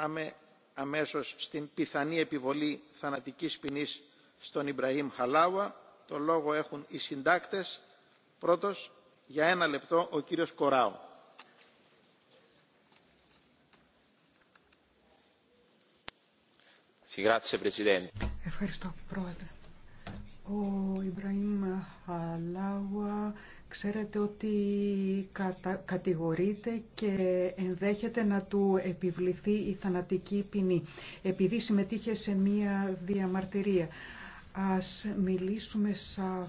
πάμε αμέσως στην πιθανή επιβολή θανατικής ποινής στον Ιμπραήμ Χαλάουα. Το λόγο έχουν οι συντάκτες. Πρώτος, για ένα λεπτό, ο κύριος Κοράου. Ευχαριστώ, Πρόεδρε. Ο Ιμπραήμ Χαλάουα Ξέρετε ότι κατα... κατηγορείται και ενδέχεται να του επιβληθεί η θανατική ποινή επειδή συμμετείχε σε μία διαμαρτυρία. Ας μιλήσουμε σαφώς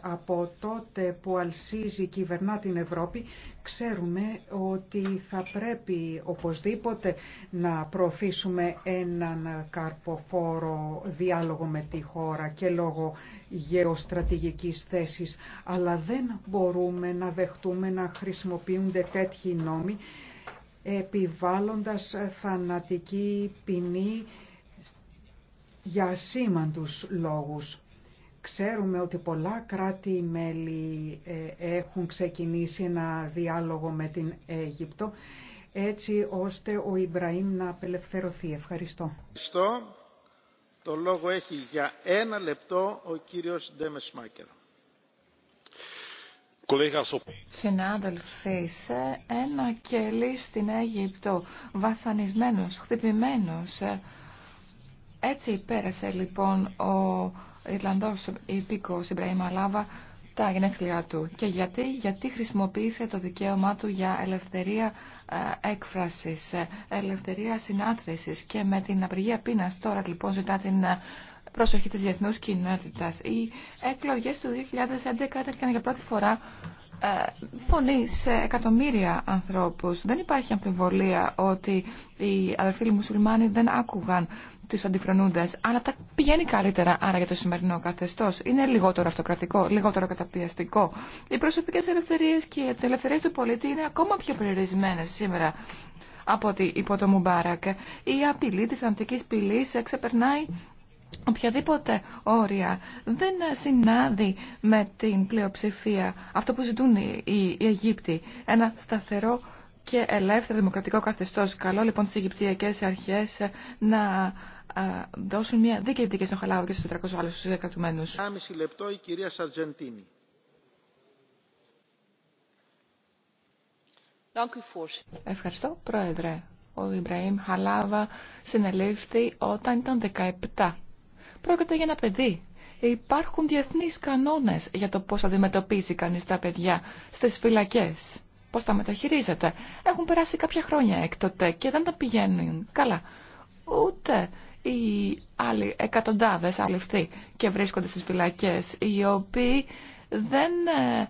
από τότε που αλσίζει κυβερνά την Ευρώπη, ξέρουμε ότι θα πρέπει οπωσδήποτε να προωθήσουμε έναν καρποφόρο διάλογο με τη χώρα και λόγω γεωστρατηγικής θέσης, αλλά δεν μπορούμε να δεχτούμε να χρησιμοποιούνται τέτοιοι νόμοι επιβάλλοντας θανατική ποινή για σήμαντους λόγους Ξέρουμε ότι πολλά κράτη-μέλη ε, έχουν ξεκινήσει ένα διάλογο με την Αίγυπτο έτσι ώστε ο Ιμπραήμ να απελευθερωθεί. Ευχαριστώ. Ευχαριστώ. Το λόγο έχει για ένα λεπτό ο κύριος Ντέμες Μάκερ. Συνάδελφοι, σε ένα κελί στην Αίγυπτο, βασανισμένος, χτυπημένος. Ε, έτσι πέρασε λοιπόν ο Ιρλανδός υπήκος Ιμπραήμ Αλάβα τα γενέθλιά του. Και γιατί, γιατί χρησιμοποίησε το δικαίωμά του για ελευθερία ε, έκφρασης, ε, ελευθερία συνάθρησης και με την απεργία πείνας τώρα λοιπόν ζητά την ε, προσοχή της διεθνούς κοινότητας. Οι εκλογές του 2011 ήταν για πρώτη φορά ε, φωνή σε εκατομμύρια ανθρώπους. Δεν υπάρχει αμφιβολία ότι οι αδερφοί μουσουλμάνοι δεν άκουγαν τους αντιφρονούντες, αλλά τα πηγαίνει καλύτερα άρα για το σημερινό καθεστώς. Είναι λιγότερο αυτοκρατικό, λιγότερο καταπιαστικό. Οι προσωπικές ελευθερίες και οι ελευθερίες του πολίτη είναι ακόμα πιο περιορισμένες σήμερα από ότι υπό το Μουμπάρακ. Η απειλή της αντικής πυλής ξεπερνάει οποιαδήποτε όρια δεν συνάδει με την πλειοψηφία αυτό που ζητούν οι Αιγύπτιοι. Ένα σταθερό και ελεύθερο δημοκρατικό καθεστώς. Καλό λοιπόν τις Αιγυπτιακές αρχές να δώσουν μια δίκαιη δίκαιη στον Χαλάβο και στους 400 άλλους στους κρατουμένους. λεπτό η κυρία Σαρτζεντίνη. Ευχαριστώ, Πρόεδρε. Ο Ιμπραήμ Χαλάβα συνελήφθη όταν ήταν 17. Πρόκειται για ένα παιδί. Υπάρχουν διεθνείς κανόνες για το πώς αντιμετωπίζει κανείς τα παιδιά στις φυλακές. Πώς τα μεταχειρίζεται. Έχουν περάσει κάποια χρόνια έκτοτε και δεν τα πηγαίνουν καλά. Ούτε οι άλλοι εκατοντάδες αληφθεί και βρίσκονται στις φυλακές, οι οποίοι δεν ε,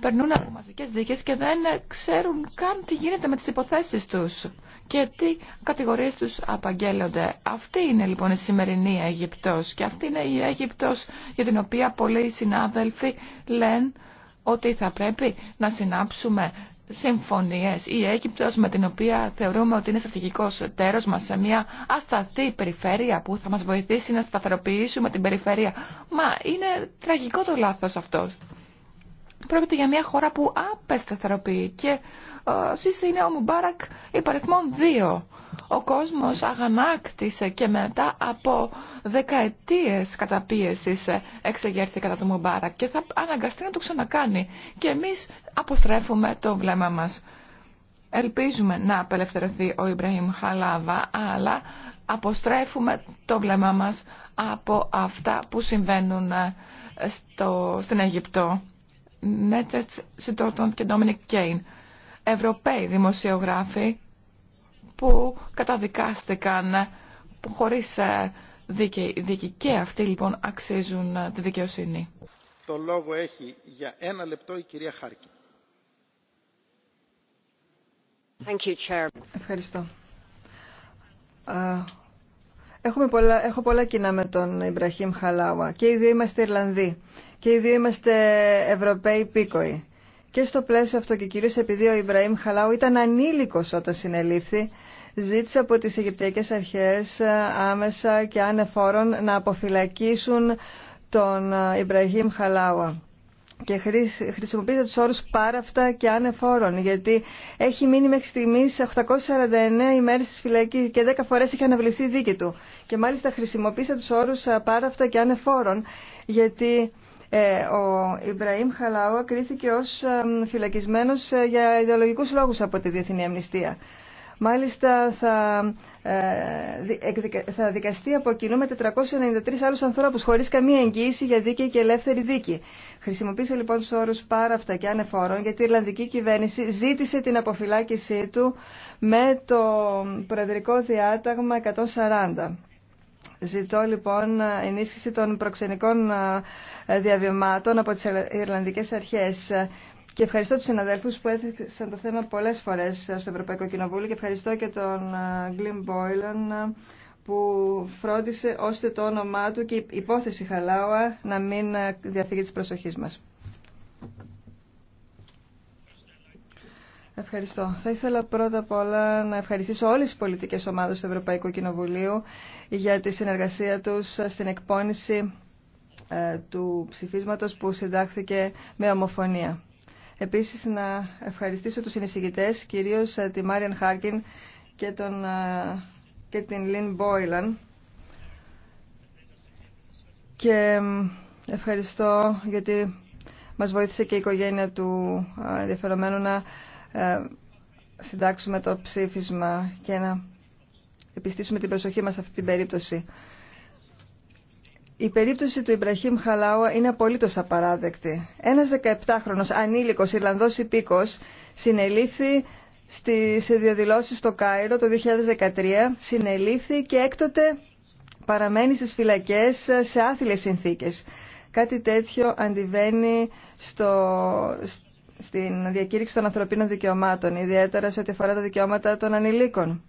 περνούν από μαζικές δίκες και δεν ε, ξέρουν καν τι γίνεται με τις υποθέσεις τους και τι κατηγορίες τους απαγγέλλονται. Αυτή είναι λοιπόν η σημερινή Αιγυπτός και αυτή είναι η Αιγυπτός για την οποία πολλοί συνάδελφοι λένε ότι θα πρέπει να συνάψουμε συμφωνίες. Η Αίγυπτος με την οποία θεωρούμε ότι είναι στρατηγικός τέρος μας σε μια ασταθή περιφέρεια που θα μας βοηθήσει να σταθεροποιήσουμε την περιφέρεια. Μα είναι τραγικό το λάθος αυτό. Πρόκειται για μια χώρα που απεσταθεροποιεί και ε, ο είναι ο Μουμπάρακ υπαριθμών 2 ο κόσμος αγανάκτησε και μετά από δεκαετίες καταπίεσης εξεγέρθη κατά του Μουμπάρακ και θα αναγκαστεί να το ξανακάνει. Και εμείς αποστρέφουμε το βλέμμα μας. Ελπίζουμε να απελευθερωθεί ο Ιμπραήμ Χαλάβα, αλλά αποστρέφουμε το βλέμμα μας από αυτά που συμβαίνουν ε, στο, στην Αιγυπτό. Νέτσετς Σιτόρτον και Ντόμινικ Κέιν. Ευρωπαίοι δημοσιογράφοι που καταδικάστηκαν χωρίς ε, δίκη. δίκη. Και αυτοί λοιπόν αξίζουν ε, τη δικαιοσύνη. Το λόγο έχει για ένα λεπτό η κυρία Χάρκη. Ευχαριστώ. Ε, έχω πολλά κοινά με τον Ιμπραχήμ Χαλάουα. Και οι δύο είμαστε Ιρλανδοί. Και οι δύο είμαστε Ευρωπαίοι πίκοοι. Και στο πλαίσιο αυτό και κυρίως επειδή ο Ιμπραήμ Χαλάου ήταν ανήλικος όταν συνελήφθη, ζήτησε από τις Αιγυπτιακές Αρχές ε, άμεσα και ανεφόρον να αποφυλακίσουν τον ε, Ιμπραήμ Χαλάουα και χρησιμοποίησε τους όρους πάραφτα και ανεφόρων γιατί έχει μείνει μέχρι στιγμής 849 ημέρες στη φυλακή και 10 φορές έχει αναβληθεί δίκη του και μάλιστα χρησιμοποίησε τους όρους ε, πάραφτα και ανεφόρων γιατί ε, ο Ιμπραήμ Χαλάου ακρίθηκε ως φυλακισμένος ε, για ιδεολογικούς λόγους από τη Διεθνή Αμνηστία. Μάλιστα θα, ε, θα δικαστεί από κοινού με 493 άλλους ανθρώπους χωρίς καμία εγγύηση για δίκαιη και ελεύθερη δίκη. Χρησιμοποίησε λοιπόν τους όρους πάρα και ανεφόρων γιατί η Ιρλανδική κυβέρνηση ζήτησε την αποφυλάκησή του με το Προεδρικό Διάταγμα 140. Ζητώ λοιπόν ενίσχυση των προξενικών ε, διαβημάτων από τις Ιρλανδικές Αρχές. Και ευχαριστώ τους συναδέλφους που έθεσαν το θέμα πολλές φορές στο Ευρωπαϊκό Κοινοβούλιο και ευχαριστώ και τον Γκλιμ ε, Μπόιλον ε, που φρόντισε ώστε το όνομά του και η υπόθεση Χαλάουα να μην διαφύγει της προσοχής μας. Ευχαριστώ. Θα ήθελα πρώτα απ' όλα να ευχαριστήσω όλες τις πολιτικές ομάδες του Ευρωπαϊκού Κοινοβουλίου για τη συνεργασία τους στην εκπόνηση ε, του ψηφίσματος που συντάχθηκε με ομοφωνία. Επίσης να ευχαριστήσω τους συνεισηγητές, κυρίως ε, τη Μάριαν Χάρκιν και, τον, ε, και την Λίν Μπόιλαν. Και ευχαριστώ γιατί μας βοήθησε και η οικογένεια του ενδιαφερομένου να ε, συντάξουμε το ψήφισμα και να επιστήσουμε την προσοχή μας σε αυτή την περίπτωση. Η περίπτωση του Ιμπραχήμ Χαλάουα είναι απολύτω απαράδεκτη. Ένα 17χρονο ανήλικο Ιρλανδό υπήκο συνελήφθη στι διαδηλώσει στο Κάιρο το 2013, συνελήφθη και έκτοτε παραμένει στις φυλακές σε άθλιες συνθήκες. Κάτι τέτοιο αντιβαίνει στο, στην διακήρυξη των ανθρωπίνων δικαιωμάτων, ιδιαίτερα σε ό,τι αφορά τα δικαιώματα των ανηλίκων.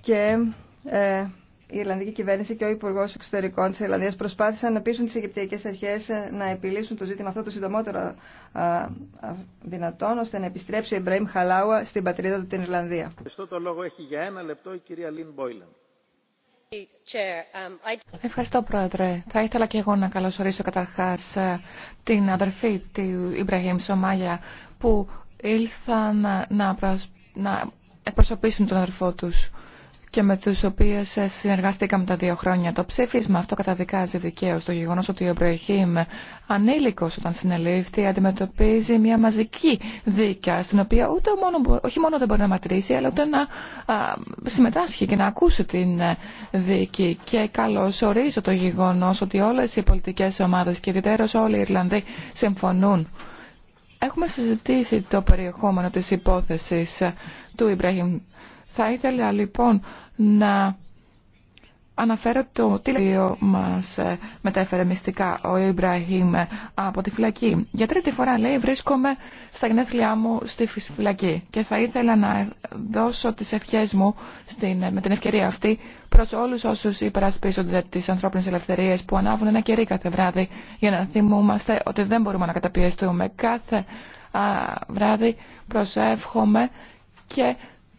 Και ε, η Ιρλανδική κυβέρνηση και ο Υπουργό Εξωτερικών τη Ιρλανδία προσπάθησαν να πείσουν τι Αιγυπτιακέ Αρχέ ε, να επιλύσουν το ζήτημα αυτό το συντομότερο δυνατόν, ώστε να επιστρέψει ο Ιμπραήμ Χαλάουα στην πατρίδα του την Ιρλανδία. Ευχαριστώ. Το λόγο έχει για ένα λεπτό η κυρία Λίν Um, Ευχαριστώ, Πρόεδρε. Θα ήθελα και εγώ να καλωσορίσω καταρχάς ε, την αδερφή του Ιμπραχήμ Σομάγια που ήλθαν να, να εκπροσωπήσουν τον αδερφό τους και με τους οποίους συνεργαστήκαμε τα δύο χρόνια. Το ψήφισμα αυτό καταδικάζει δικαίως το γεγονός ότι ο Μπρεχήμ ανήλικος όταν συνελήφθη αντιμετωπίζει μια μαζική δίκαια στην οποία ούτε μόνο, όχι μόνο δεν μπορεί να ματρήσει αλλά ούτε να συμμετάσχει και να ακούσει την ε, δίκη. Και καλώς ορίζω το γεγονός ότι όλες οι πολιτικές ομάδες και ιδιαίτερως όλοι οι Ιρλανδοί συμφωνούν Έχουμε συζητήσει το περιεχόμενο της υπόθεσης του Ιμπραχήμ θα ήθελα λοιπόν να αναφέρω το τι μας ε, μετέφερε μυστικά ο Ιμπραχήμ ε, από τη φυλακή. Για τρίτη φορά λέει βρίσκομαι στα γνέθλιά μου στη φυλακή και θα ήθελα να δώσω τις ευχές μου στην, ε, με την ευκαιρία αυτή προς όλους όσους υπερασπίζονται τις ανθρώπινες ελευθερίες που ανάβουν ένα κερί κάθε βράδυ για να θυμούμαστε ότι δεν μπορούμε να καταπιεστούμε κάθε βράδυ προσεύχομαι και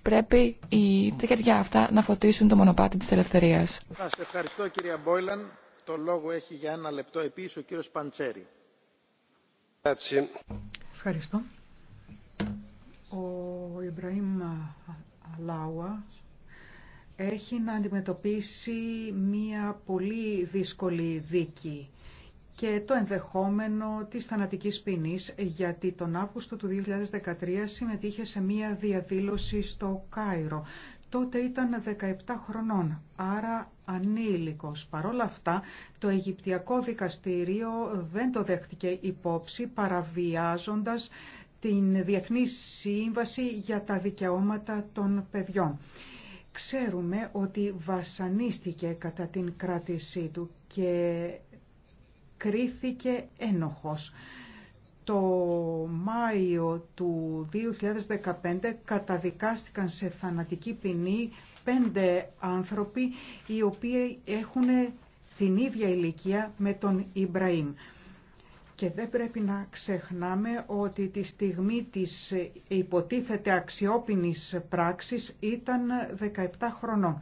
πρέπει οι τεκεριά αυτά να φωτίσουν το μονοπάτι της ελευθερίας. Σας ευχαριστώ κυρία Μπόιλαν. Το λόγο έχει για ένα λεπτό επίσης ο κύριος Παντσέρη. Ευχαριστώ. Ο Ιμπραήμ Λάουα έχει να αντιμετωπίσει μία πολύ δύσκολη δίκη και το ενδεχόμενο της θανατικής ποινής, γιατί τον Αύγουστο του 2013 συμμετείχε σε μία διαδήλωση στο Κάιρο. Τότε ήταν 17 χρονών, άρα ανήλικος. Παρ' όλα αυτά, το Αιγυπτιακό Δικαστήριο δεν το δέχτηκε υπόψη, παραβιάζοντας την Διεθνή Σύμβαση για τα Δικαιώματα των Παιδιών. Ξέρουμε ότι βασανίστηκε κατά την κράτησή του και κρίθηκε ένοχος. Το Μάιο του 2015 καταδικάστηκαν σε θανατική ποινή πέντε άνθρωποι οι οποίοι έχουν την ίδια ηλικία με τον Ιμπραήμ. Και δεν πρέπει να ξεχνάμε ότι τη στιγμή της υποτίθεται αξιόπινης πράξης ήταν 17 χρονών.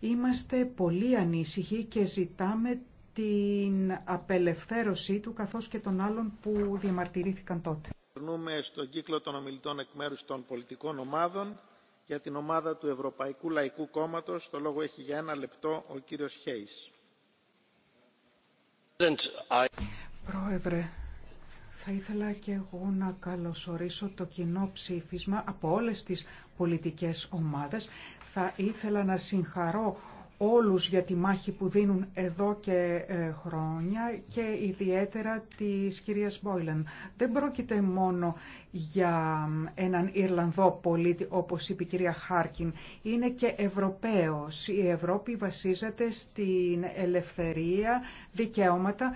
Είμαστε πολύ ανήσυχοι και ζητάμε την απελευθέρωσή του καθώς και των άλλων που διαμαρτυρήθηκαν τότε. Περνούμε στον κύκλο των ομιλητών εκ μέρους των πολιτικών ομάδων. Για την ομάδα του Ευρωπαϊκού Λαϊκού Κόμματος το λόγο έχει για ένα λεπτό ο κύριος Χέις. Πρόεδρε, θα ήθελα και εγώ να καλωσορίσω το κοινό ψήφισμα από όλες τις πολιτικές ομάδες. Θα ήθελα να συγχαρώ όλους για τη μάχη που δίνουν εδώ και ε, χρόνια και ιδιαίτερα της κυρίας Μπόιλεν. Δεν πρόκειται μόνο για έναν Ιρλανδό πολίτη όπως είπε η κυρία Χάρκιν. Είναι και Ευρωπαίος. Η Ευρώπη βασίζεται στην ελευθερία, δικαιώματα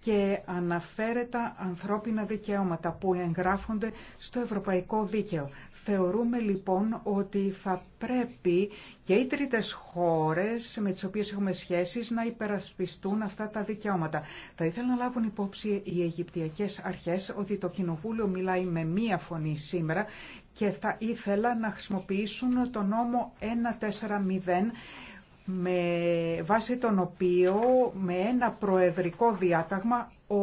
και αναφέρετα ανθρώπινα δικαιώματα που εγγράφονται στο ευρωπαϊκό δίκαιο. Θεωρούμε λοιπόν ότι θα πρέπει και οι τρίτες χώρες με τις οποίες έχουμε σχέσεις να υπερασπιστούν αυτά τα δικαιώματα. Θα ήθελα να λάβουν υπόψη οι Αιγυπτιακές αρχές ότι το Κοινοβούλιο μιλάει με μία φωνή σήμερα και θα ήθελα να χρησιμοποιήσουν το νόμο 140 με βάση τον οποίο με ένα προεδρικό διάταγμα ο,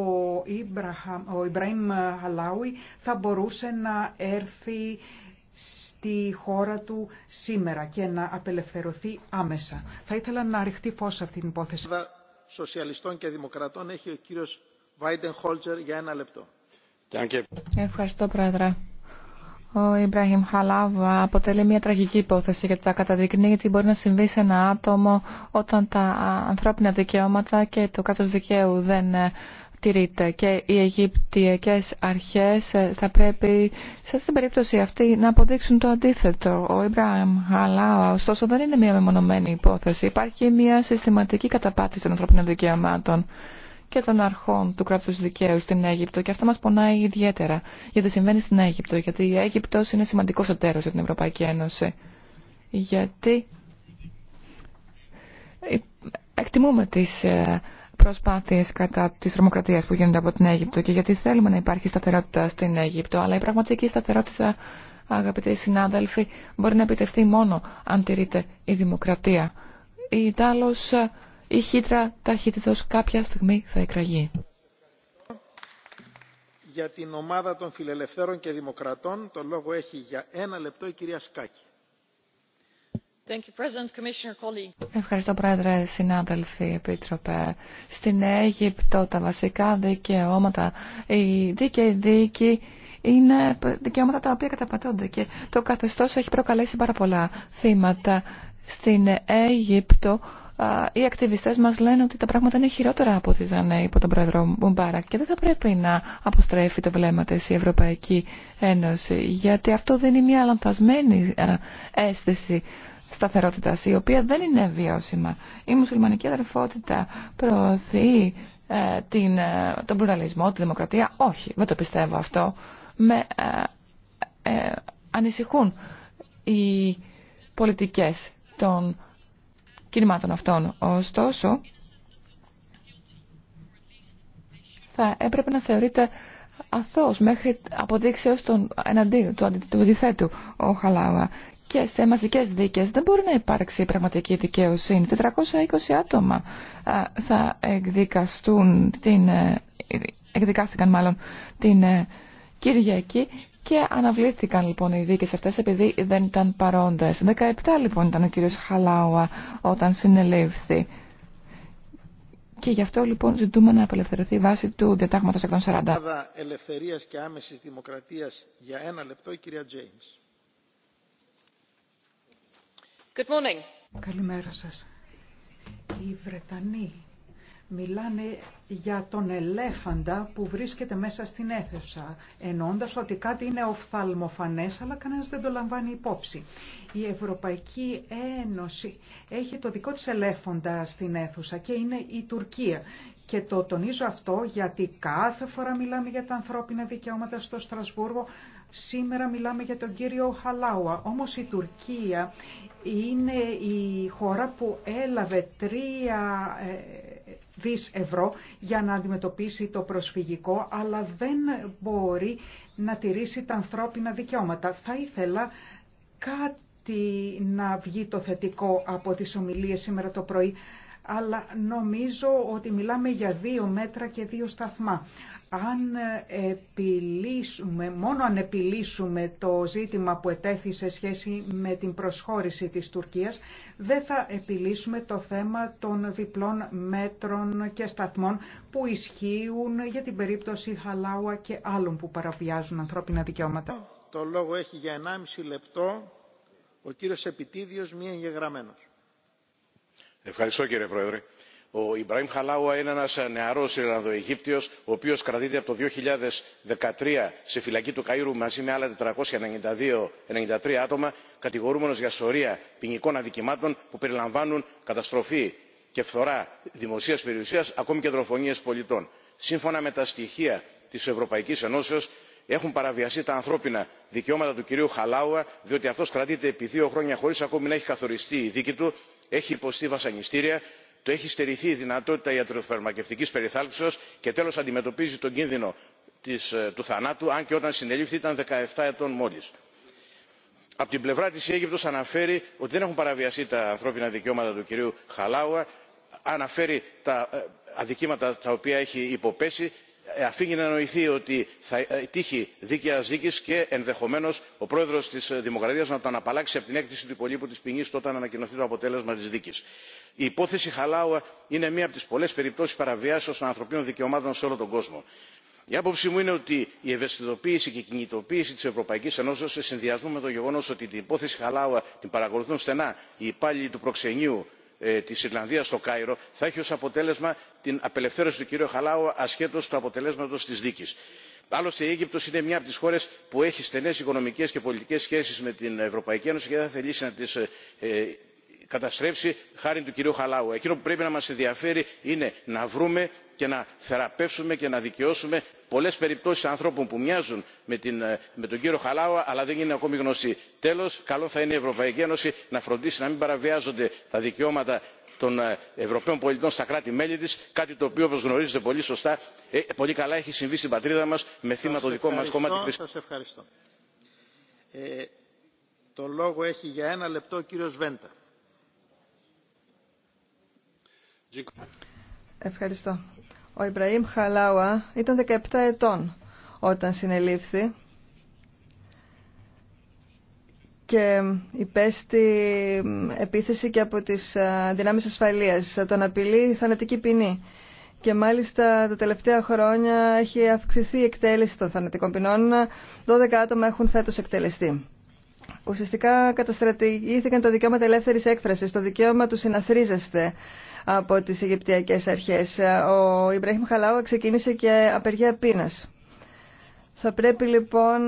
Ιμπραχα, ο Ιμπραήμ Χαλάουι θα μπορούσε να έρθει στη χώρα του σήμερα και να απελευθερωθεί άμεσα. Θα ήθελα να ρηχτεί φως σε αυτή την υπόθεση. Σοσιαλιστών και Δημοκρατών έχει ο κύριος Βάιντεν Χόλτζερ για ένα λεπτό. Ευχαριστώ, Πρόεδρε. Ο Ιμπραχήμ Χαλάβα αποτελεί μια τραγική υπόθεση γιατί τα καταδεικνύει τι μπορεί να συμβεί σε ένα άτομο όταν τα ανθρώπινα δικαιώματα και το κράτος δικαίου δεν ε, τηρείται και οι Αιγυπτιακές αρχές ε, θα πρέπει σε αυτή την περίπτωση αυτή να αποδείξουν το αντίθετο. Ο Ιμπραχήμ Χαλάβα ωστόσο δεν είναι μια μεμονωμένη υπόθεση. Υπάρχει μια συστηματική καταπάτηση των ανθρώπινων δικαιωμάτων και των αρχών του κράτου δικαίου στην Αίγυπτο και αυτό μα πονάει ιδιαίτερα γιατί συμβαίνει στην Αίγυπτο, γιατί η Αίγυπτος είναι σημαντικός εταίρο για την Ευρωπαϊκή Ένωση. Γιατί εκτιμούμε τι ε, προσπάθειε κατά τη τρομοκρατία που γίνονται από την Αίγυπτο και γιατί θέλουμε να υπάρχει σταθερότητα στην Αίγυπτο, αλλά η πραγματική σταθερότητα, αγαπητοί συνάδελφοι, μπορεί να επιτευχθεί μόνο αν τηρείται η δημοκρατία. Η Ιτάλος ε, η χύτρα ταχύτητος κάποια στιγμή θα εκραγεί. Για την ομάδα των φιλελευθέρων και δημοκρατών το λόγο έχει για ένα λεπτό η κυρία Σκάκη. Ευχαριστώ Πρόεδρε, συνάδελφοι, Επίτροπε. Στην Αίγυπτο τα βασικά δικαιώματα, η δίκαιη δίκη είναι δικαιώματα τα οποία καταπατώνται και το καθεστώς έχει προκαλέσει πάρα πολλά θύματα. Στην Αίγυπτο οι ακτιβιστές μας λένε ότι τα πράγματα είναι χειρότερα από ό,τι ήταν ε, υπό τον πρόεδρο Μουμπάρα και δεν θα πρέπει να αποστρέφει το βλέμμα της η Ευρωπαϊκή Ένωση γιατί αυτό δεν είναι μια λανθασμένη αίσθηση σταθερότητας η οποία δεν είναι βιώσιμα. Η μουσουλμανική αδερφότητα προωθεί ε, την, ε, τον πλουραλισμό, τη δημοκρατία. Όχι, δεν το πιστεύω αυτό. Με ανησυχούν οι πολιτικές των κινημάτων αυτών. Ωστόσο, θα έπρεπε να θεωρείται αθώος μέχρι αποδείξεως τον, εναντί, του, αντιθέτου ο Χαλάβα Και σε μαζικές δίκες δεν μπορεί να υπάρξει πραγματική δικαιοσύνη. 420 άτομα θα εκδικαστούν την, ε, ε, εκδικάστηκαν μάλλον την ε, Κυριακή και αναβλήθηκαν λοιπόν οι δίκες αυτές επειδή δεν ήταν παρόντες. 17 λοιπόν ήταν ο κύριος Χαλάουα όταν συνελήφθη. Και γι' αυτό λοιπόν ζητούμε να απελευθερωθεί βάση του διατάγματος 140. Ελευθερίας και άμεσης δημοκρατίας για ένα λεπτό η κυρία Τζέιμς. Good morning. Καλημέρα σας. Οι Βρετανοί Μιλάνε για τον ελέφαντα που βρίσκεται μέσα στην αίθουσα, ενώντας ότι κάτι είναι οφθαλμοφανές, αλλά κανένας δεν το λαμβάνει υπόψη. Η Ευρωπαϊκή Ένωση έχει το δικό της ελέφαντα στην αίθουσα και είναι η Τουρκία. Και το τονίζω αυτό γιατί κάθε φορά μιλάμε για τα ανθρώπινα δικαιώματα στο Στρασβούργο. Σήμερα μιλάμε για τον κύριο Χαλάουα. Όμως η Τουρκία είναι η χώρα που έλαβε τρία ε, δις ευρώ για να αντιμετωπίσει το προσφυγικό, αλλά δεν μπορεί να τηρήσει τα ανθρώπινα δικαιώματα. Θα ήθελα κάτι να βγει το θετικό από τις ομιλίες σήμερα το πρωί, αλλά νομίζω ότι μιλάμε για δύο μέτρα και δύο σταθμά αν επιλύσουμε, μόνο αν επιλύσουμε το ζήτημα που ετέθη σε σχέση με την προσχώρηση της Τουρκίας, δεν θα επιλύσουμε το θέμα των διπλών μέτρων και σταθμών που ισχύουν για την περίπτωση Χαλάουα και άλλων που παραβιάζουν ανθρώπινα δικαιώματα. Το λόγο έχει για 1,5 λεπτό ο κύριος Επιτίδιος, μία εγγεγραμμένος. Ευχαριστώ κύριε Πρόεδρε ο Ιμπραήμ Χαλάουα είναι νεαρό νεαρός Ιρλανδοαιγύπτιος, ο οποίο κρατείται από το 2013 σε φυλακή του Καΐρου μαζί με άλλα 492, 93 άτομα, κατηγορούμενο για σωρία ποινικών αδικημάτων που περιλαμβάνουν καταστροφή και φθορά δημοσία περιουσία, ακόμη και δροφωνίε πολιτών. Σύμφωνα με τα στοιχεία τη Ευρωπαϊκή Ενώσεω έχουν παραβιαστεί τα ανθρώπινα δικαιώματα του κυρίου Χαλάουα, διότι αυτό κρατείται επί δύο χρόνια χωρί ακόμη να έχει καθοριστεί η δίκη του, έχει υποστεί βασανιστήρια το έχει στερηθεί η δυνατότητα ιατροφαρμακευτικής περιθάλψεως και τέλος αντιμετωπίζει τον κίνδυνο ε, του θανάτου αν και όταν συνελήφθη ήταν 17 ετών μόλις. από την πλευρά της η αίγυπτος αναφέρει ότι δεν έχουν παραβιαστεί τα ανθρώπινα δικαιώματα του κυρίου χαλάουα αναφέρει τα ε, αδικήματα τα οποία έχει υποπέσει αφήνει να νοηθεί ότι θα τύχει δίκαια δίκη και ενδεχομένω ο πρόεδρο τη δημοκρατία να τον απαλλάξει από την έκτηση του υπολείπου τη ποινή όταν ανακοινωθεί το αποτέλεσμα τη δίκη. η υπόθεση χαλάουα είναι μία από τι πολλέ περιπτώσει παραβιάσεω των ανθρωπίνων δικαιωμάτων σε όλο τον κόσμο. η άποψή μου είναι ότι η ευαισθητοποίηση και η κινητοποίηση τη ευρωπαϊκή ενώσεω σε συνδυασμό με το γεγονό ότι την υπόθεση Χαλάου την παρακολουθούν στενά οι υπάλληλοι του προξενιού ε, της ιρλανδίας στο κάιρο θα έχει ως αποτέλεσμα την απελευθέρωση του κυρίου Χαλάου ασχέτως του αποτελέσματος της δίκης. άλλωστε η αίγυπτος είναι μια από τις χώρες που έχει στενές οικονομικές και πολιτικές σχέσεις με την ευρωπαϊκή ένωση και δεν θα θελήσει να τις ε, ε, καταστρέψει χάρη του κυρίου Χαλάου. Εκείνο που πρέπει να μας ενδιαφέρει είναι να βρούμε και να θεραπεύσουμε και να δικαιώσουμε πολλέ περιπτώσει ανθρώπων που μοιάζουν με, την, ε, με τον κύριο Χαλάου αλλά δεν είναι ακόμη γνωστοί. Τέλο, καλό θα είναι η Ευρωπαϊκή Ένωση να φροντίσει να μην παραβιάζονται τα δικαιώματα των ε, Ευρωπαίων πολιτών στα κράτη-μέλη τη, κάτι το οποίο όπω γνωρίζετε πολύ σωστά, ε, πολύ καλά έχει συμβεί στην πατρίδα μα με θύμα το δικό μα κόμμα. Σα ευχαριστώ. το λόγο έχει για ένα λεπτό ο κύριο Βέντα. Ευχαριστώ. Ο Ιμπραήμ Χαλάουα ήταν 17 ετών όταν συνελήφθη και υπέστη επίθεση και από τις ε, δυνάμεις ασφαλείας. Τον απειλεί θανατική ποινή. Και μάλιστα τα τελευταία χρόνια έχει αυξηθεί η εκτέλεση των θανατικών ποινών. 12 άτομα έχουν φέτος εκτελεστεί. Ουσιαστικά καταστρατηγήθηκαν τα δικαιώματα ελεύθερης έκφρασης, το δικαίωμα του συναθρίζεστε, από τις Αιγυπτιακές αρχές. Ο Ιμπραήμ Χαλάουα ξεκίνησε και απεργία πείνας. Θα πρέπει λοιπόν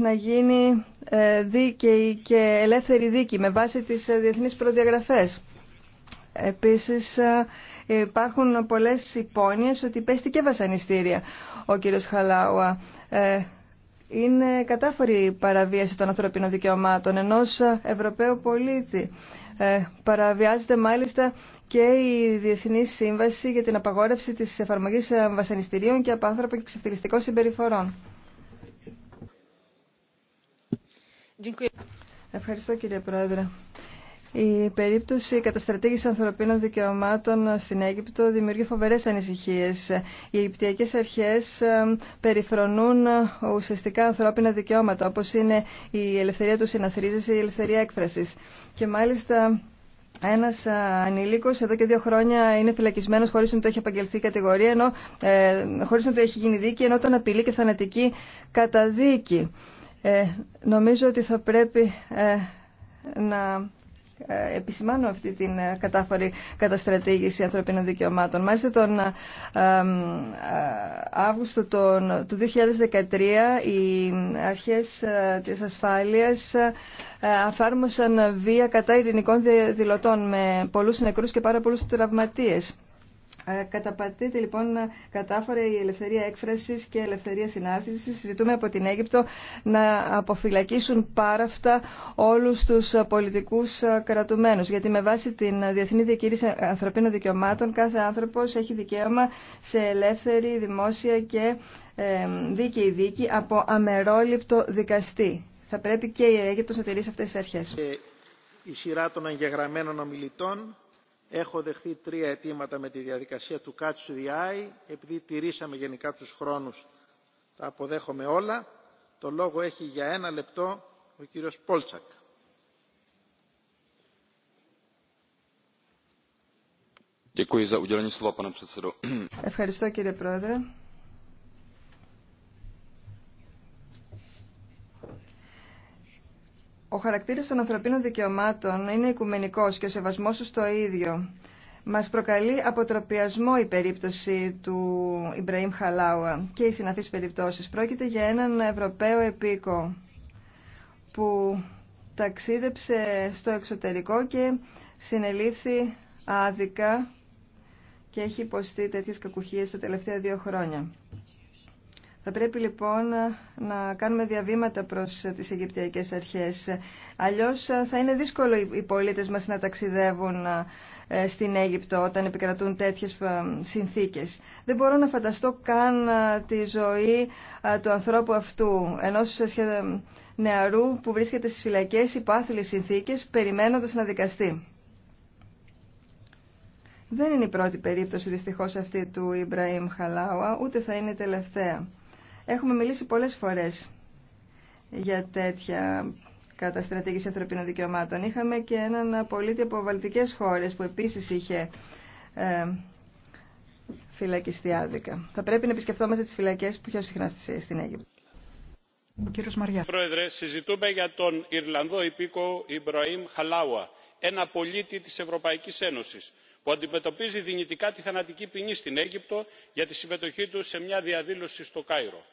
να γίνει ε, δίκαιη και ελεύθερη δίκη με βάση τις ε, διεθνείς προδιαγραφές. Επίσης ε, υπάρχουν πολλές υπόνοιες ότι πέστη και βασανιστήρια ο κύριος Χαλάουα. Είναι κατάφορη παραβίαση των ανθρωπίνων δικαιωμάτων ενός Ευρωπαίου πολίτη. παραβιάζεται μάλιστα και η Διεθνή Σύμβαση για την απαγόρευση τη εφαρμογή βασανιστήριων και απάνθρωπων και ξεφτυλιστικών συμπεριφορών. Ευχαριστώ κύριε Πρόεδρε. Η περίπτωση καταστρατήγηση ανθρωπίνων δικαιωμάτων στην Αίγυπτο δημιουργεί φοβερέ ανησυχίε. Οι Αιγυπτιακέ αρχέ ε, περιφρονούν ουσιαστικά ανθρώπινα δικαιώματα, όπω είναι η ελευθερία του συναθρίζεσαι, η ελευθερία έκφραση. Και μάλιστα ένα ανηλίκος εδώ και δύο χρόνια είναι φυλακισμένος χωρίς να το έχει απαγγελθεί κατηγορία, ενώ, ε, χωρίς να το έχει γίνει δίκη, ενώ τον απειλεί και θανατική καταδίκη. Ε, νομίζω ότι θα πρέπει ε, να ε, επισημάνω αυτή την ε, κατάφορη καταστρατήγηση ανθρωπίνων δικαιωμάτων. Μάλιστα τον ε, Αύγουστο του 2013 οι αρχές της ασφάλειας αφάρμοσαν βία κατά ειρηνικών δηλωτών με πολλούς νεκρούς και πάρα πολλούς τραυματίες. Ε, καταπατείται λοιπόν κατάφορα η ελευθερία έκφρασης και η ελευθερία συνάρτησης. Συζητούμε από την Αίγυπτο να αποφυλακίσουν πάραυτα όλους τους πολιτικούς ε, κρατουμένους. Γιατί με βάση την Διεθνή Διακήρυξη Ανθρωπίνων Δικαιωμάτων κάθε άνθρωπος έχει δικαίωμα σε ελεύθερη, δημόσια και ε, δίκαιη δίκη από αμερόληπτο δικαστή. Θα πρέπει και η Αίγυπτος να τηρήσει αυτές τις αρχές. η σειρά των εγγεγραμμένων Έχω δεχθεί τρία αιτήματα με τη διαδικασία του Catch the Eye. Επειδή τηρήσαμε γενικά τους χρόνους, τα αποδέχομαι όλα. Το λόγο έχει για ένα λεπτό ο κύριος Πόλτσακ. Ευχαριστώ κύριε Πρόεδρε. Ο χαρακτήρας των ανθρωπίνων δικαιωμάτων είναι οικουμενικός και ο σεβασμός του το ίδιο. Μας προκαλεί αποτροπιασμό η περίπτωση του Ιμπραήμ Χαλάουα και οι συναφείς περιπτώσεις. Πρόκειται για έναν Ευρωπαίο επίκο που ταξίδεψε στο εξωτερικό και συνελήφθη άδικα και έχει υποστεί τέτοιες κακουχίες τα τελευταία δύο χρόνια. Θα πρέπει λοιπόν να κάνουμε διαβήματα προς τις Αιγυπτιακές αρχές. Αλλιώς ε, θα είναι δύσκολο οι πολίτες μας να ταξιδεύουν ε, στην Αίγυπτο όταν επικρατούν τέτοιες ε, συνθήκες. Δεν μπορώ να φανταστώ καν τη ζωή του ανθρώπου αυτού, ενός νεαρού που βρίσκεται στις φυλακές υπό άθλιες συνθήκες, περιμένοντας να δικαστεί. Δεν είναι η πρώτη περίπτωση δυστυχώς αυτή του Ιμπραήμ Χαλάουα, ούτε θα είναι η τελευταία. Έχουμε μιλήσει πολλές φορές για τέτοια καταστρατήγηση ανθρωπίνων δικαιωμάτων. Είχαμε και έναν πολίτη από βαλτικές χώρες που επίσης είχε ε, φυλακιστεί άδικα. Θα πρέπει να επισκεφτόμαστε τις φυλακές που πιο συχνά στην Αίγυπτο. Κύριο κύριος Μαριά. Πρόεδρε, συζητούμε για τον Ιρλανδό υπήκο Ιμπραήμ Χαλάουα, ένα πολίτη της Ευρωπαϊκής Ένωσης, που αντιμετωπίζει δυνητικά τη θανατική ποινή στην Αίγυπτο για τη συμμετοχή του σε μια διαδήλωση στο Κάιρο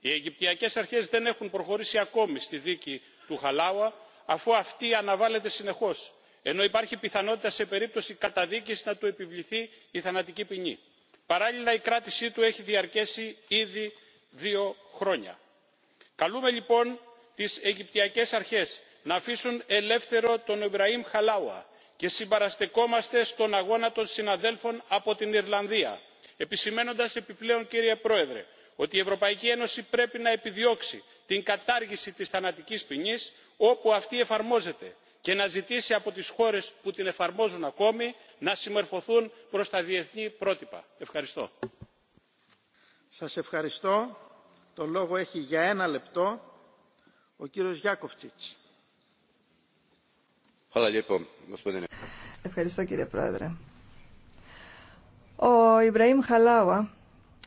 οι αιγυπτιακές αρχές δεν έχουν προχωρήσει ακόμη στη δίκη του χαλάουα αφού αυτή αναβάλλεται συνεχώς ενώ υπάρχει πιθανότητα σε περίπτωση καταδίκης να του επιβληθεί η θανατική ποινή. παράλληλα η κράτησή του έχει διαρκέσει ήδη δύο χρόνια. καλούμε λοιπόν τις αιγυπτιακές αρχές να αφήσουν ελεύθερο τον ιμπραήμ χαλάουα και συμπαραστεκόμαστε στον αγώνα των συναδέλφων από την ιρλανδία επισημένοντας επιπλέον κύριε πρόεδρε ότι η ευρωπαϊκή ένωση πρέπει να επιδιώξει την κατάργηση της θανατικής ποινής όπου αυτή εφαρμόζεται και να ζητήσει από τις χώρες που την εφαρμόζουν ακόμη να συμμορφωθούν προς τα διεθνή πρότυπα. ευχαριστώ. Σας ευχαριστώ. Το λόγο έχει για ένα λεπτό ο κύριος Γιάκοφτσιτς. Ευχαριστώ κύριε Πρόεδρε. Ο Ιμπραήμ Χαλάουα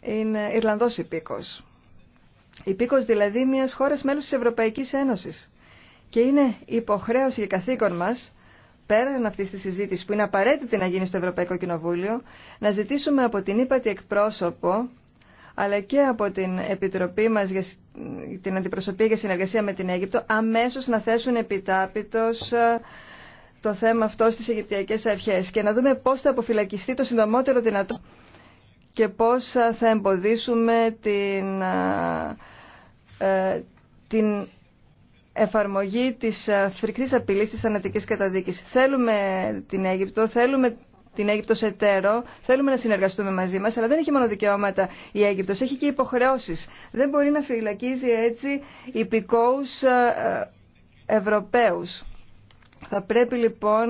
είναι Ιρλανδός υπήκος. Υπήκος δηλαδή μια χώρα μέλους της Ευρωπαϊκής Ένωσης. Και είναι υποχρέωση και καθήκον μας, πέραν αυτή τη συζήτηση που είναι απαραίτητη να γίνει στο Ευρωπαϊκό Κοινοβούλιο, να ζητήσουμε από την ύπατη εκπρόσωπο, αλλά και από την Επιτροπή μας για την Αντιπροσωπεία για Συνεργασία με την Αίγυπτο, αμέσως να θέσουν επιτάπητος ε, το θέμα αυτό στις Αιγυπτιακές Αρχές και να δούμε πώς θα αποφυλακιστεί το συντομότερο δυνατό και πώς θα εμποδίσουμε την, ε, την εφαρμογή της φρικτής απειλής της θανατικής καταδίκης. Θέλουμε την Αίγυπτο, θέλουμε την Αίγυπτο σε τέρο, θέλουμε να συνεργαστούμε μαζί μας, αλλά δεν έχει μόνο δικαιώματα η Αίγυπτος, έχει και υποχρεώσεις. Δεν μπορεί να φυλακίζει έτσι υπηκόους ε, ε, Ευρωπαίους. Θα πρέπει λοιπόν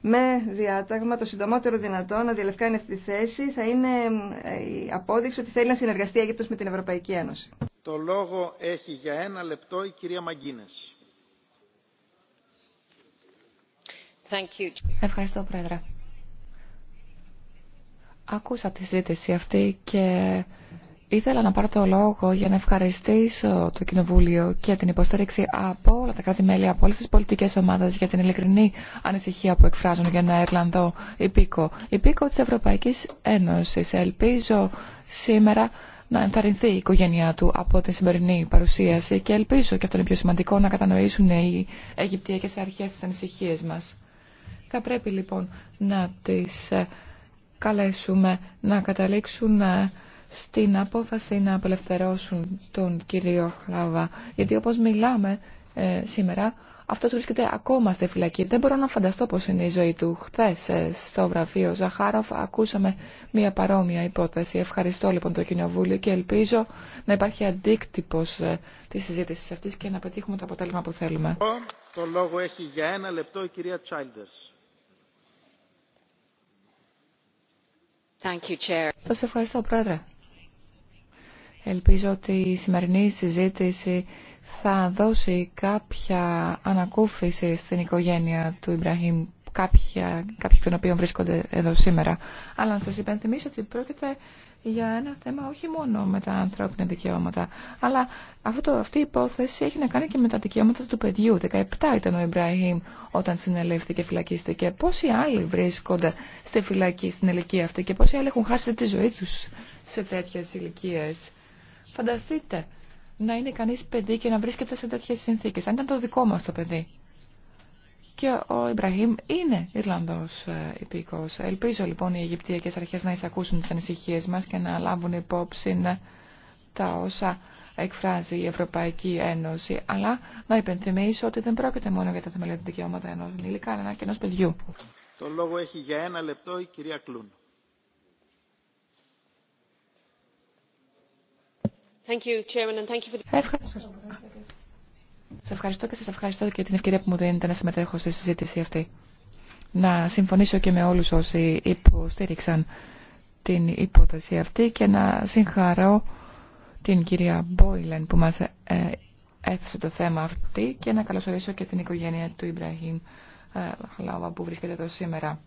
με διάταγμα το συντομότερο δυνατό να διαλευκάνει αυτή τη θέση. Θα είναι ε, η απόδειξη ότι θέλει να συνεργαστεί η Αίγυπτος με την Ευρωπαϊκή Ένωση. Το λόγο έχει για ένα λεπτό η κυρία Μαγκίνες. Ευχαριστώ, Πρόεδρε. Ακούσα τη ζήτηση αυτή και Ήθελα να πάρω το λόγο για να ευχαριστήσω το Κοινοβούλιο και την υποστήριξη από όλα τα κράτη-μέλη, από όλε τι πολιτικέ ομάδε για την ειλικρινή ανησυχία που εκφράζουν για ένα Ιρλανδό υπήκο. Υπήκο τη Ευρωπαϊκή Ένωση. Ελπίζω σήμερα να ενθαρρυνθεί η οικογένειά του από την σημερινή παρουσίαση και ελπίζω, και αυτό είναι πιο σημαντικό, να κατανοήσουν οι Αιγυπτιακέ αρχέ τι ανησυχίε μα. Θα πρέπει λοιπόν να τι ε, καλέσουμε να καταλήξουν ε, στην απόφαση να απελευθερώσουν τον κύριο Χλάβα. Γιατί όπως μιλάμε ε, σήμερα, αυτός βρίσκεται ακόμα στη φυλακή. Δεν μπορώ να φανταστώ πώς είναι η ζωή του. Χθες ε, στο Γραφείο Ζαχάροφ ακούσαμε μια παρόμοια υπόθεση. Ευχαριστώ λοιπόν το Κοινοβούλιο και ελπίζω να υπάρχει αντίκτυπος ε, της συζήτησης αυτής και να πετύχουμε το αποτέλεσμα που θέλουμε. Το λόγο έχει για λεπτό η κυρία Thank you, Chair. Σας ευχαριστώ, Πρόεδρε. Ελπίζω ότι η σημερινή συζήτηση θα δώσει κάποια ανακούφιση στην οικογένεια του Ιμπραχήμ, κάποια, κάποιοι των οποίων βρίσκονται εδώ σήμερα. Αλλά να σας υπενθυμίσω ότι πρόκειται για ένα θέμα όχι μόνο με τα ανθρώπινα δικαιώματα, αλλά αυτό, αυτή η υπόθεση έχει να κάνει και με τα δικαιώματα του παιδιού. 17 ήταν ο Ιμπραχήμ όταν συνελεύθηκε και φυλακίστηκε. Πόσοι άλλοι βρίσκονται στη φυλακή στην ηλικία αυτή και πόσοι άλλοι έχουν χάσει τη ζωή τους σε τέτοιες ηλικίε. Φανταστείτε να είναι κανείς παιδί και να βρίσκεται σε τέτοιες συνθήκες. Αν ήταν το δικό μας το παιδί. Και ο Ιμπραχήμ είναι Ιρλανδός ε, υπήκος. Ελπίζω λοιπόν οι Αιγυπτιακές αρχές να εισακούσουν τις ανησυχίες μας και να λάβουν υπόψη ναι, τα όσα εκφράζει η Ευρωπαϊκή Ένωση. Αλλά να υπενθυμίσω ότι δεν πρόκειται μόνο για τα θεμελιώδη δικαιώματα ενός ενήλικα, αλλά και ενός παιδιού. Το λόγο έχει για ένα λεπτό η κυρία Κλούν. Σα ευχαριστώ και σα ευχαριστώ και την ευκαιρία που μου δίνετε να συμμετέχω στη συζήτηση αυτή. Να συμφωνήσω και με όλου όσοι υποστήριξαν την υπόθεση αυτή και να συγχαρώ την κυρία Μπόιλεν που μας ε, έθεσε το θέμα αυτή και να καλωσορίσω και την οικογένεια του Ιμπραχήμ ε, Χαλάβα που βρίσκεται εδώ σήμερα.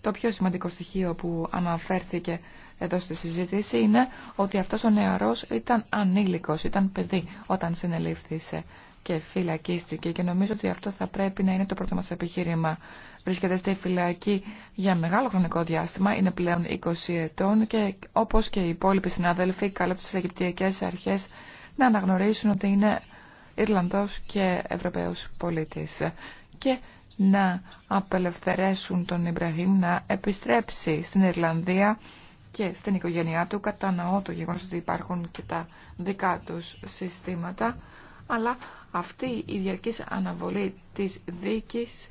Το πιο σημαντικό στοιχείο που αναφέρθηκε εδώ στη συζήτηση είναι ότι αυτός ο νεαρός ήταν ανήλικος, ήταν παιδί όταν συνελήφθησε και φυλακίστηκε και νομίζω ότι αυτό θα πρέπει να είναι το πρώτο μας επιχείρημα. Βρίσκεται στη φυλακή για μεγάλο χρονικό διάστημα, είναι πλέον 20 ετών και όπως και οι υπόλοιποι συνάδελφοι καλώ τις Αιγυπτιακές αρχές να αναγνωρίσουν ότι είναι Ιρλανδός και Ευρωπαίος πολίτης. Και να απελευθερέσουν τον Ιμπραχήμ να επιστρέψει στην Ιρλανδία και στην οικογένειά του κατανοώ το γεγονός ότι υπάρχουν και τα δικά τους συστήματα αλλά αυτή η διαρκής αναβολή της δίκης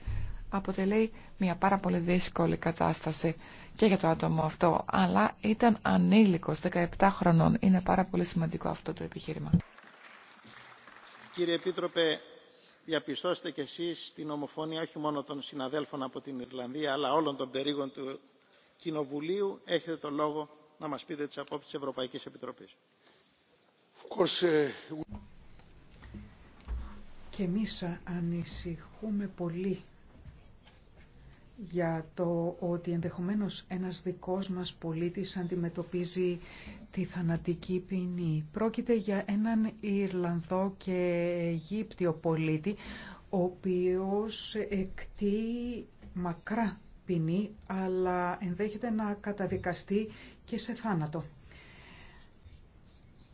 αποτελεί μια πάρα πολύ δύσκολη κατάσταση και για το άτομο αυτό αλλά ήταν ανήλικος 17 χρονών είναι πάρα πολύ σημαντικό αυτό το επιχείρημα Κύριε Επίτροπε Διαπιστώστε κι εσείς την ομοφωνία όχι μόνο των συναδέλφων από την Ιρλανδία αλλά όλων των περίγων του Κοινοβουλίου έχετε το λόγο να μας πείτε τις απόψεις της Ευρωπαϊκής Επιτροπής. Ε, Και εμείς ανησυχούμε πολύ για το ότι ενδεχομένως ένας δικός μας πολίτης αντιμετωπίζει τη θανατική ποινή. Πρόκειται για έναν Ιρλανδό και Αιγύπτιο πολίτη, ο οποίος εκτεί μακρά ποινή, αλλά ενδέχεται να καταδικαστεί και σε θάνατο.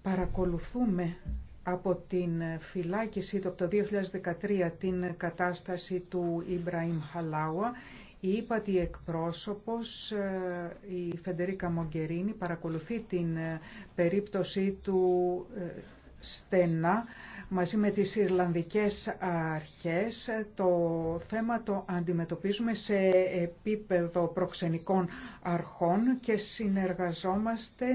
Παρακολουθούμε από την φυλάκιση του από το 2013 την κατάσταση του Ιμπραήμ Χαλάουα η ύπατη εκπρόσωπος, ε, η Φεντερίκα Μογκερίνη, παρακολουθεί την ε, περίπτωση του ε, στενά μαζί με τις Ιρλανδικές αρχές. Το θέμα το αντιμετωπίζουμε σε επίπεδο προξενικών αρχών και συνεργαζόμαστε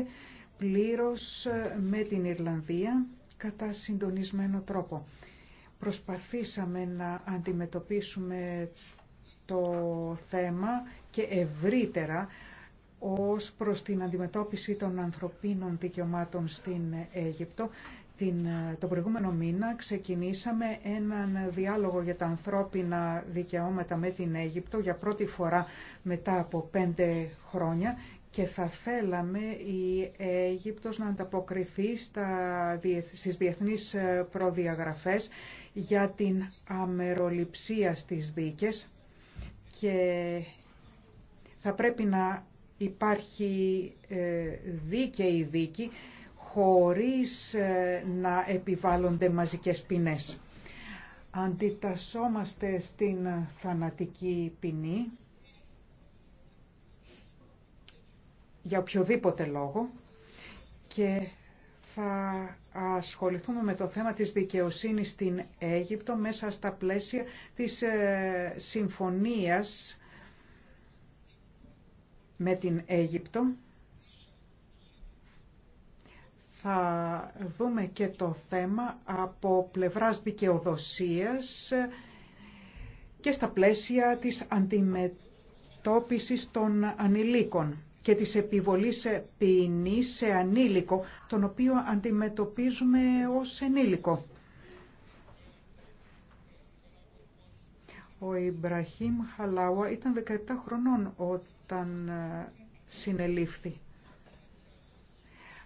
πλήρως με την Ιρλανδία κατά συντονισμένο τρόπο. Προσπαθήσαμε να αντιμετωπίσουμε το θέμα και ευρύτερα ως προς την αντιμετώπιση των ανθρωπίνων δικαιωμάτων στην Αίγυπτο. Την, το προηγούμενο μήνα ξεκινήσαμε έναν διάλογο για τα ανθρώπινα δικαιώματα με την Αίγυπτο για πρώτη φορά μετά από πέντε χρόνια και θα θέλαμε η Αίγυπτος να ανταποκριθεί στα, στις διεθνείς προδιαγραφές για την αμεροληψία στις δίκες και θα πρέπει να υπάρχει ε, δίκαιη δίκη χωρίς ε, να επιβάλλονται μαζικές ποινές. Αντιτασσόμαστε στην θανατική ποινή για οποιοδήποτε λόγο και θα ασχοληθούμε με το θέμα της δικαιοσύνης στην Αίγυπτο μέσα στα πλαίσια της ε, συμφωνίας με την Αίγυπτο. Θα δούμε και το θέμα από πλευράς δικαιοδοσίας και στα πλαίσια της αντιμετώπισης των ανηλίκων και της επιβολής ποινή σε ανήλικο, τον οποίο αντιμετωπίζουμε ως ενήλικο. Ο Ιμπραχήμ Χαλάουα ήταν 17 χρονών όταν ε, συνελήφθη.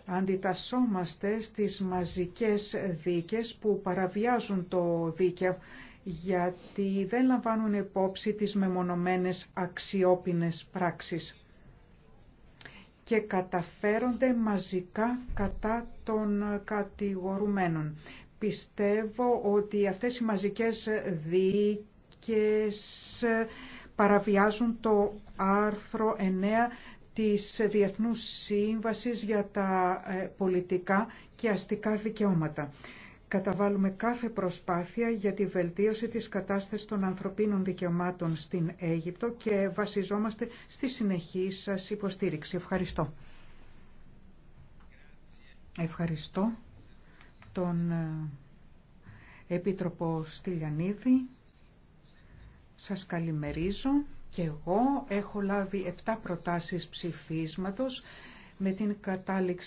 Αντιτασσόμαστε στις μαζικές δίκες που παραβιάζουν το δίκαιο γιατί δεν λαμβάνουν υπόψη τις μεμονωμένες αξιόπινες πράξεις και καταφέρονται μαζικά κατά των κατηγορουμένων. Πιστεύω ότι αυτές οι μαζικές δίκες παραβιάζουν το άρθρο 9 της Διεθνούς Σύμβασης για τα ε, πολιτικά και αστικά δικαιώματα καταβάλουμε κάθε προσπάθεια για τη βελτίωση της κατάστασης των ανθρωπίνων δικαιωμάτων στην Αίγυπτο και βασιζόμαστε στη συνεχή σας υποστήριξη. Ευχαριστώ. Ευχαριστώ τον ε, Επίτροπο Στυλιανίδη. Σας καλημερίζω και εγώ έχω λάβει 7 προτάσεις ψηφίσματος με την κατάληξη